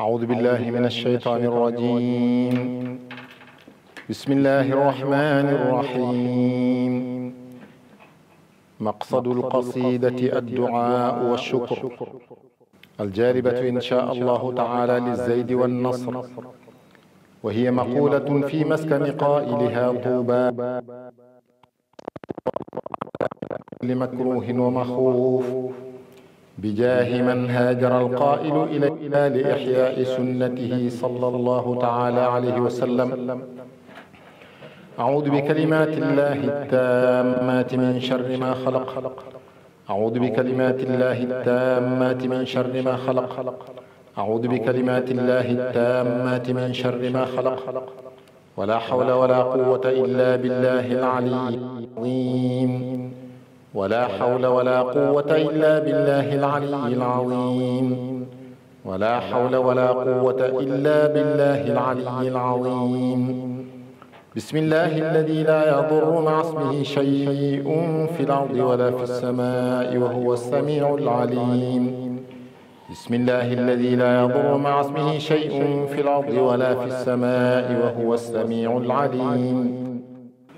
أعوذ بالله من الشيطان الرجيم بسم الله الرحمن الرحيم مقصد القصيدة الدعاء والشكر الجاربة إن شاء الله تعالى للزيد والنصر وهي مقولة في مسكن قائلها طوبى لمكروه ومخوف bijaahi man haajara alqaa'ilu ilayna li ixyaa'i sunnatihi sallallahu ta'ala alayhi wa sallam. أعوذ بكلمات الله التامات من شر ما خلق أعوذ بكلمات الله التامات من شر ما خلق أعوذ بكلمات الله التامات من شر ما خلق ولا حول ولا قوة إلا بالله العلي العظيم ولا حول ولا قوة إلا بالله العلي العظيم ولا حول ولا قوة إلا بالله العلي العظيم بسم الله الذي لا يضر مع اسمه شيء في الأرض ولا في السماء وهو السميع العليم بسم الله الذي لا يضر مع اسمه شيء في الأرض ولا في السماء وهو السميع العليم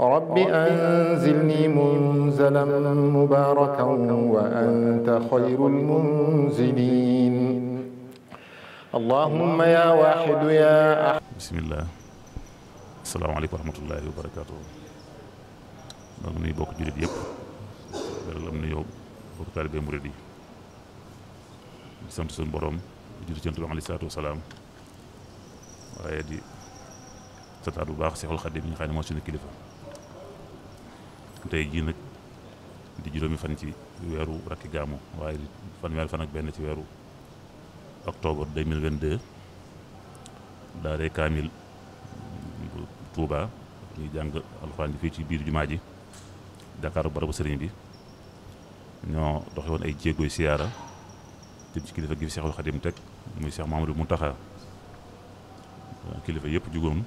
رب أنزلني منزلا مباركا وأنت خير المنزلين اللهم يا واحد يا أحد بسم الله السلام عليكم ورحمة الله وبركاته ñoo ngi nuyu bokk jullit yëpp beral am nuyoo bokk taalibe murid yi di sant suñu borom di julli cant bi alayhi salaatu wasalaam waaye di sataat bu baax Seexul Xadiim yi nga xam ne moo suñu kilifa tey jii nag di juróomi fan ci weeru rakki gàmmu waaye fanweeri fan benn ci weeru octobre 2022 daaree kaamil bu Touba ñuy jàng fii ci biir jumaa ji Dakar barabu sëriñ bi ñoo doxe woon ay jéegoy siyaara jëm ci kilifa gi fi Seexul Xadim teg muy Seex Maamadu Muntaxa kilifa yépp jugoon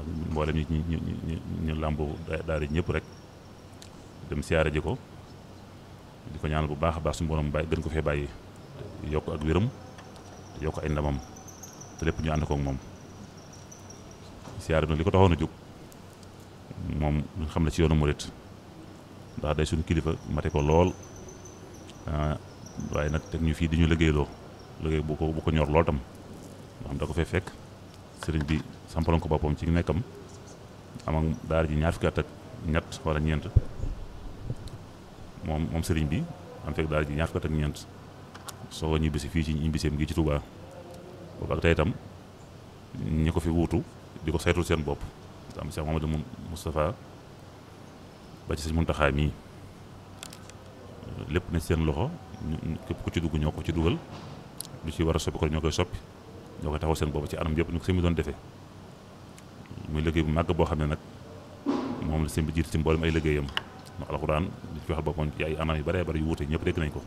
mboole mboolem ñu ñu ñu ñu làmboo daara ñëpp rek dem siyaare ji ko di ko ñaanal bu baax a baax suñu borom bàyyi gën ko fee bàyyi yokk ak wéram yokk ay ndamam te lépp ñu ànd koog moom siyaare bi nag li ko taxoon a jóg moom ñu xam ne ci yoonu murit ndax day suñu kilifa mate ko lool ah, waaye nag teg ñu fii di ñu liggéeyloo liggéey bu ko bu ko ñor lool tam nga xam da ko fee fekk sëriñ bi. sampaloon ko boppam ci nekkam amam daara ji ñaar fukki at ak ñett wala ñeent moom moom sëriñ bi am fekk daara ji ñaar fukki ak ñeent soo ko ñibbisi fii ci ñibbiseem gi ci Touba boobu ak ko fi wuutu di ko saytul seen bopp am Cheikh Mamadou Moustapha ba ci sëñ Muntaxa mii lépp na seen loxo képp ku ci dugg ñoo ko ci dugal lu ci war a soppi ko ñoo koy soppi ñoo koy taxaw seen bopp ci anam yëpp ñu ko seen mi doon defee muy liggéey bu màgg boo xam ne nag moom la sëñ bi jiitu ci mboolem ay liggéeyam ndax alxuraan li ci waxal boppam ci ay anam yu bëree bëri yu wuute ñëpp dégg nañ ko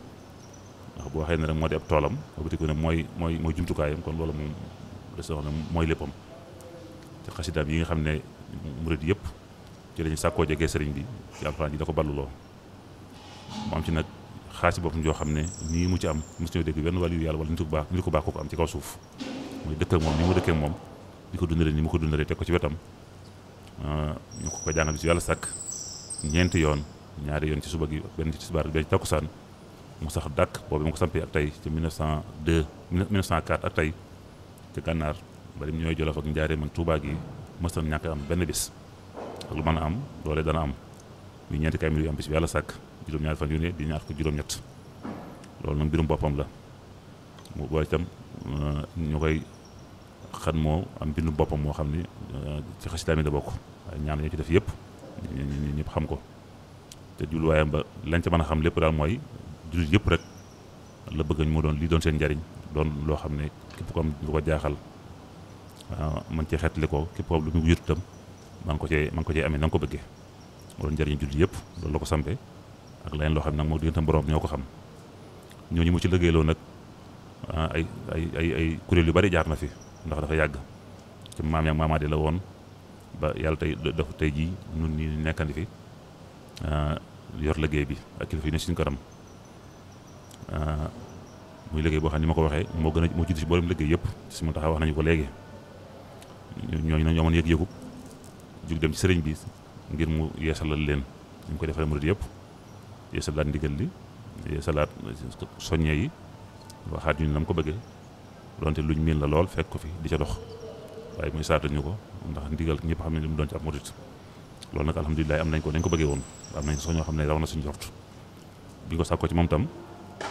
ndax waxee ne moo di toolam abati ko ne mooy mooy mooy jumtukaayam kon loolu moom la soo mooy léppam ci xasidaam yi nga xam ne yëpp ci lañu sàkkoo jegee sëriñ bi ci alxuraan ji da ko balluloo mu nag xaasi boppam joo xam ne nii mu ci am mosu ñoo dégg benn wàllu yu yàlla wala nit ku baax nit ku baax ko am ci kaw suuf mooy dëkk ak moom ni mu dëkkee moom di ko dundalee ni mu ko dundalee teg ko ci wetam ah, ñu ko ko jàngal bi yàlla sàkk ñeenti yoon ñaari yoon ci suba gi benn si tisbaar benn ci takkusaan mu sax dàkk boobu mu ko sampee ak tey ci 1902 1904 ak tey ci gànnaar bari mu ñooy Jolof ak Njaaréem ak Tuubaa gi mësta ñàkk am benn bis ak lu mën a am loolee dana am muy ñeenti kaamil yu am bis bi yàlla sàkk juróom-ñaari fan yu ne di ñaar ko juróom-ñett loolu nag mbirum boppam la mu booy itam ah, ñu koy xan moo am bindu boppam moo xam ni euh, ci xasida mi da bokk waaye ñaan ñoo ci def yëpp ñëpp xam ko te jubluwaayam ba lañ ca mën a xam lépp daal mooy jullit yëpp rek la bëgg moo doon lii doon seen doon loo xam ne képp ko am lu ko jaaxal man cee xeetli ko képp ko am lu maa ngi ko cee maa ngi ko cee amee na ko bëggee moo doon njariñu jullit yëpp loolu la ko sampee ak leneen loo xam ne nag moo diggantam borom ñoo ko xam ñooñu mu ci liggéeyloo nag ah, ay ay ay ay kuréel yu bari jaar na fi ndax dafa yàgg ci maam yaag maamaat la woon ba yàlla tey def tey jii nun ñi nekkandi fi ah, yor liggéey bi ak kilifa yi ne suñu kanam ah, muy liggéey boo xam ni ma ko waxee moo gën a moo si si boolem liggéey yëpp si mu taxaw wax nañu ko léegi ñooñu nag ñoo amoon yëg yëgub jug dem ci sëriñ bi ngir mu yeesalal leen ñu ngi koy defalee murid yépp yeesalaat ndigal li yeesalaat soññe yi waxaat ñu ne na ko bëggee donte luñ miin la lool fekk ko fi di ca dox waaye muy saatal ñu ko ndax ndigal ñëpp xam ne li mu doon ci ab murit loolu nag alhamdulilah am nañ ko nañ ko bëggee woon am nañ sax ñoo xam ne raw na suñu jort bi ko sàkkoo ci moom tam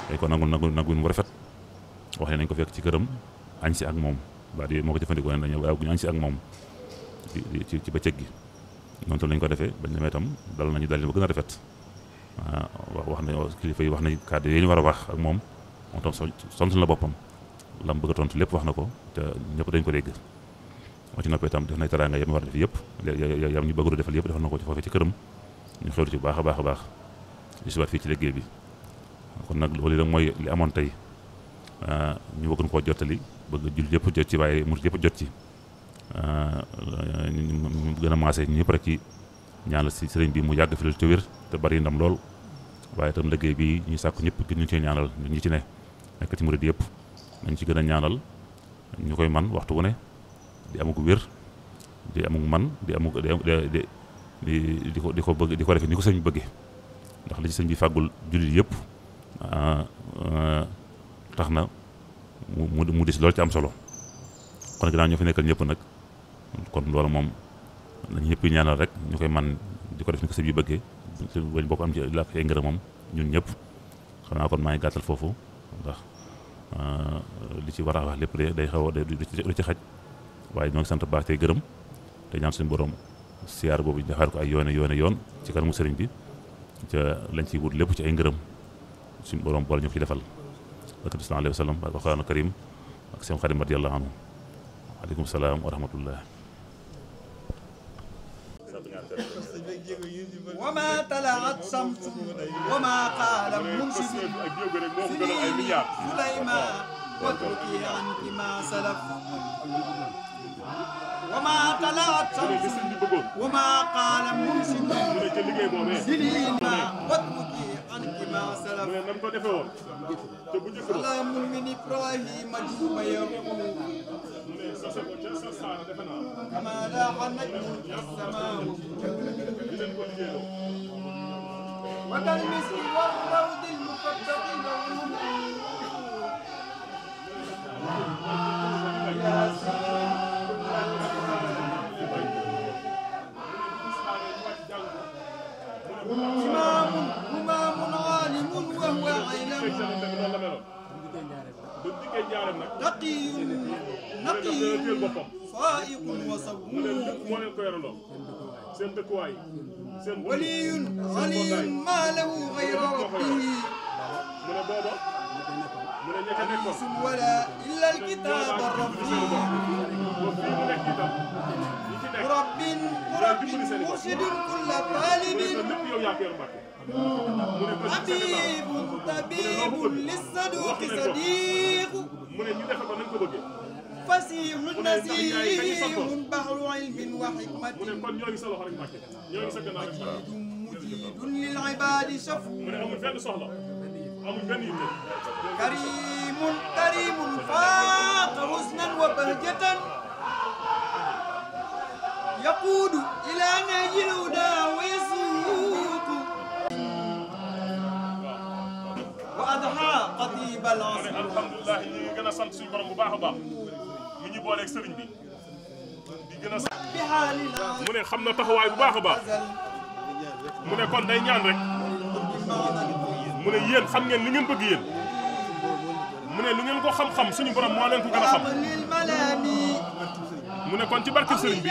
dañ ko nangul nangul nangul mu rafet wax ne nañ ko fekk ci këram añ si ak moom baat yooyu moo ko jëfandikoo ne dañoo waaye bu ñu añ si ak moom ci ci bëccëg gi noonu tam lañ ko defee bañ demee tam dal nañu dal ba gën a rafet wax wax na kilifa yi wax nañ kàddu yi ñu war a wax ak moom moom tam son la boppam la mu bëgg a lépp wax na ko te ñëpp dañ ko dégg moo ci noppee itam def na teraanga yam war a def yëpp yam ñu bëggul defal yëpp defal na ko ci foofee ci këram ñu xewlu ci baax a baax a baax li si fii ci liggéey bi kon nag loolu nag mooy li amoon tey ah, ñu bëggoon ko jottali bëgg jullit yëpp jot ci waaye murit yëpp jot ci ah, ñu gën a maase ñëpp rek ci ñaan la si sëriñ bi mu yàgg fi lu ci wér te bari ndam lool waaye tam liggéey bi ñu sàkk ñëpp ñu ci ñaanal ñu ci ne nekk ci murit yëpp nañ ci gën a ñaanal ñu koy man waxtu wu ne di amug wér di amug man di amug di di di ko di ko bëgg di ko defee ni ko sëñ bi ndax li ci sëñ bi fàggul jullit yëpp ah, tax na mu mu si loolu ci am solo kon ginnaaw ñoo fi nekkal ñëpp nag kon loolu moom nañ ñëpp ñaanal rek ñu koy man di ko def ni ko sëñ bi bëggee bañ am ci làkk ay ngërëm moom ñun ñëpp xam naa kon maa ngi gàttal foofu ci war wax lépp day xaw a du ci xaj waaye ñoo ngi sant baax tey gërëm te ñaan suñu borom siyaar boobu defaat ko ay yoone yoone yoon ci kanamu bi lañ ciy wut lépp ci ay ngërëm ñu ko ci defal barkat bi sallallahu alayhi wa sallam barkat karim ak seen xadim radiyallahu anhu aleykum salaam wa rahmatullah وما طلعت شمس وما قال منصف سليمان واتركي عنك ما سلف وما طلعت شمس وما قال منسد سليما واتركي عنك ما سلف سلام من ابراهيم دوم يقول كما لاح النجم السماء وذا المسك والروض المفتق لونه seen dëkkuwaay seen waliyun waliyun maa lahu xayra rabbihi mu ne booba ليس ولا إلا الكتاب الرفيع رب رب مرشد كل طالب طبيب طبيب للصدوق صديق فسيح نزيه بحر علم وحكمة مجيد مجيد للعباد شفو كريم كريم فاق حسنا وبهجة يقود إلى نهج الهدى ويسوق وأضحى قطيب العصر الحمد لله ñi sant suñu borom bu baax a baax mi ñu booleeg sëriñ bi di gën a sant mu ne xam na taxawaay bu baax a baax mu ne mu ne yéen xam ngeen li ngeen bëgg yéen mu ne lu ngeen ko xam-xam suñu borom moo leen ko gën xam mu ne kon ci barke sëriñ bi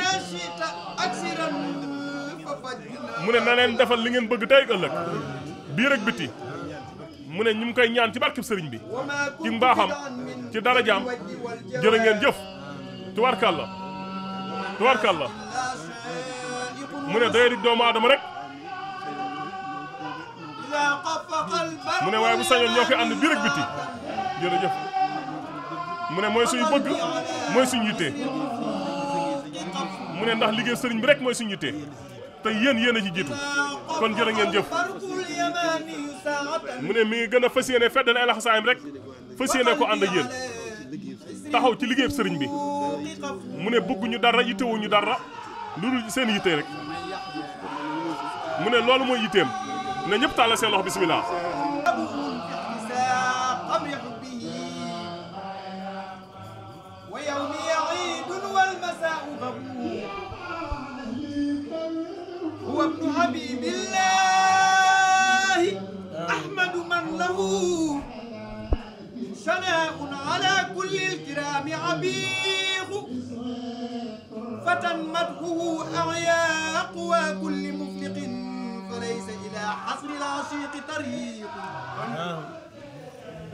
mu ne na leen defal li ngeen bëgg tey ëllëg bii ak biti mu ne ñu ngi koy ñaan ci barkeb sëriñ bi ci mbaaxam ci darajaam jërë ngeen jëf tubarkàlla tubarkàlla mu ne doyadi doomu aadama mu ne waaye bu sañoon ñoo koy ànd biir ak biti jërëjëf mu ne mooy suñu bëgg mooy suñu yitte mu ne ndax liggéey sëriñ bi rek mooy suñu yitte te yéen yéen a ci jiitu kon jërë ngeen jëf mu ne mii gën a fas yéene feddal ay laxasaayam rek fas yéene ko ànd ak yéen taxaw ci liggéeyub sëriñ bi mu ne bëgguñu dara yittewuñu dara lu dul seen yitte rek mu ne loolu mooy yitteem. na ñëpp tàllal seen loxo bismillah فتى مدحه أعياق وكل مفلق فليس إلى حصر العشيق طريق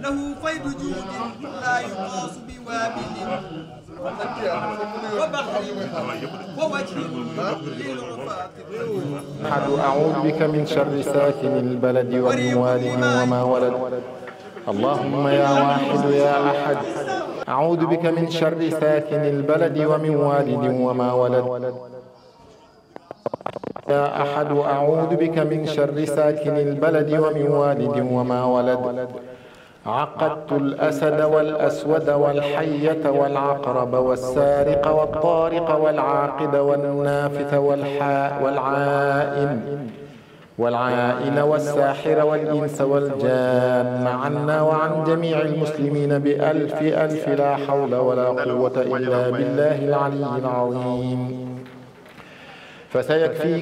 له فيض جود لا يقاس بوابل وبحر ووجه للعفاة أحد أعوذ بك من شر ساكن البلد ومن والد وما ولد اللهم يا واحد يا أحد أعوذ بك من شر ساكن البلد ومن والد وما ولد يا أحد أعوذ بك من شر ساكن البلد ومن والد وما ولد عقدت الأسد والأسود والحية والعقرب والسارق والطارق والعاقد والنافث والحاء والعائن والعائن والساحر والإنس والجان عنا وعن جميع المسلمين بألف ألف لا حول ولا قوة إلا بالله العلي العظيم فسيكفيك